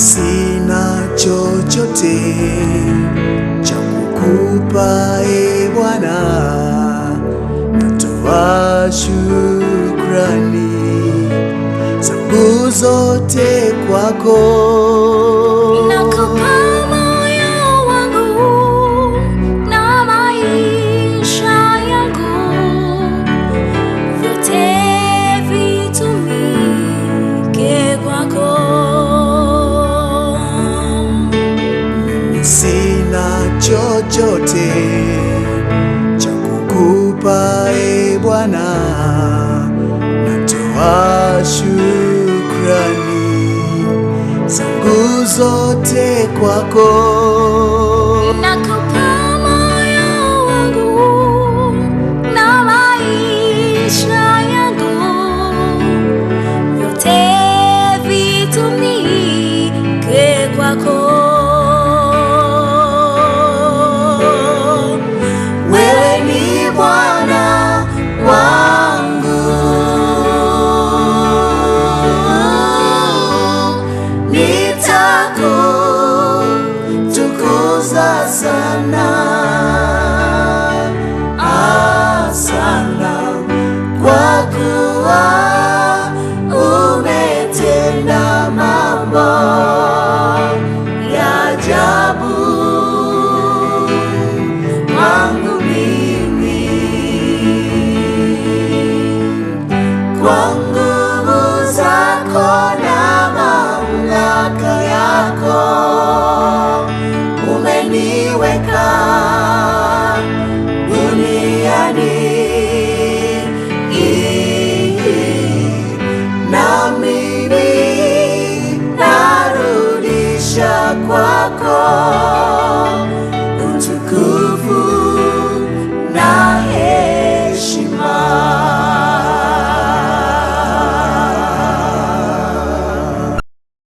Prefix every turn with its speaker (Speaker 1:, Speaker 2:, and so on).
Speaker 1: sina chochote cha kukupa e Bwana, natoa shukrani zangu zote kwako. chochote cha kukupa, e Bwana, natoa shukrani zangu zote kwako. yako tukuza sana. Asana kwa kuwa umetenda mambo kuja kwako